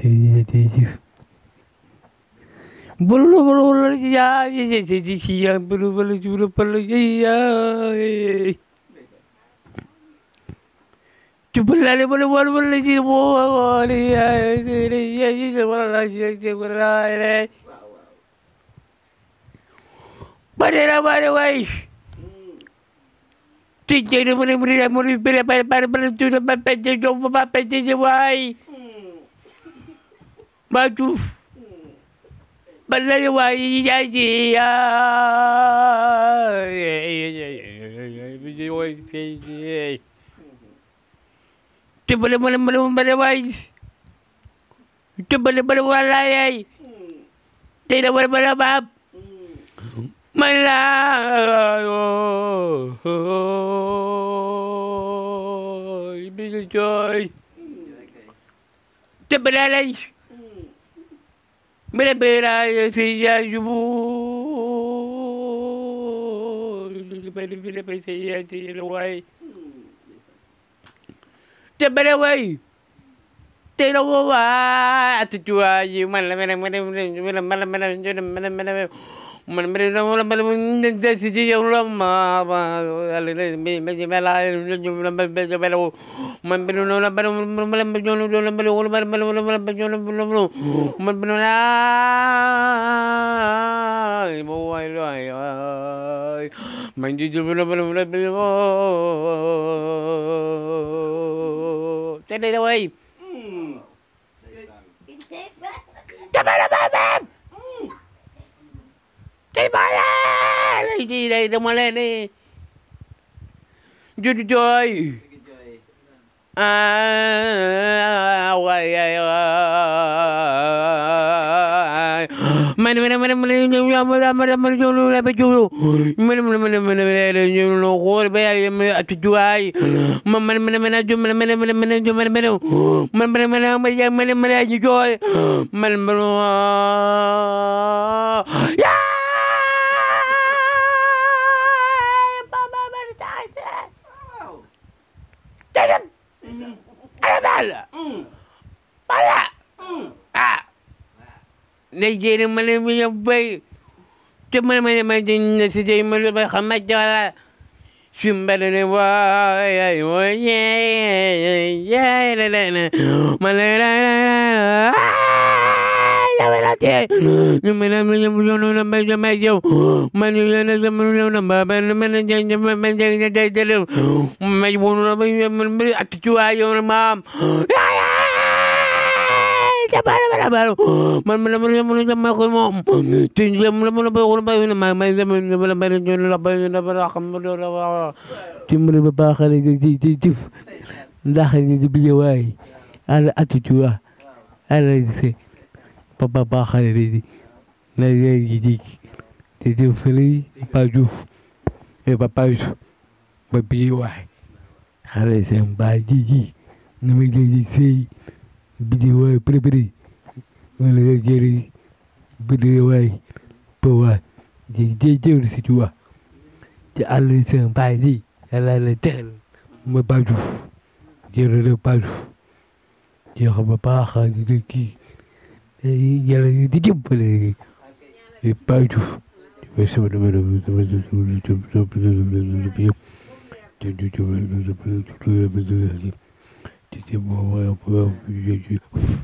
बोलो बोलो बोलो या ये ये ये जी बोलो बोलो बोलो बोलो ये या चुप लाले बोले बोल बोल जी वो बोले या ये ये ये बोल रहा ये ये बोल रहा है बड़े रा बड़े भाई तीन चार बोले बोले बोले बोले बोले बोले तू ना पैसे जो बाप जो भाई ba Diouf balali waay yaay ji yaay te bale bale bale bale waay te bale bale wala yaay te da bale bale baab man la bi jooy te bale lay Mira, mira, yo sí ya yo te bere wey te lo wa atu tu ayi mala mala mala mala mala mala mala mala mala me ahí. Hindi na malan eh. Joy, joy. Ah, why, why, why. Mana mana mana mana mana mana mana mana julu lepas julu. Mana mana mana mana mana julu kor bayar atu juai. Mana mana mana julu mana mana mana mana julu mana mana. Mana mana mana mana mana mana julu. Mana mana. Ya. dagan halal wala ah léegi ma ne ma bay te ma ne ma ne si ma lu bay xam ma wala simba da ne waay waay waay dimbali ba baaxale ci ci ci ndax di bijewaay ala atu ci waa ala Papa Bakari Nadia Gidik Dédé Félix Papa Diouf et Papa Diouf ba bii waay xale seen baay ji ji na ma jëli sëy bidi waay prépri waay ba ji ji jëwri si ci wax ci àll seen baay ji yàlla ma Papa Diouf jërëjëf Papa Diouf jeex ba baax a kii yàlla di jëmbale Baye Diouf mooy sama dama dama dama dama dama dama dama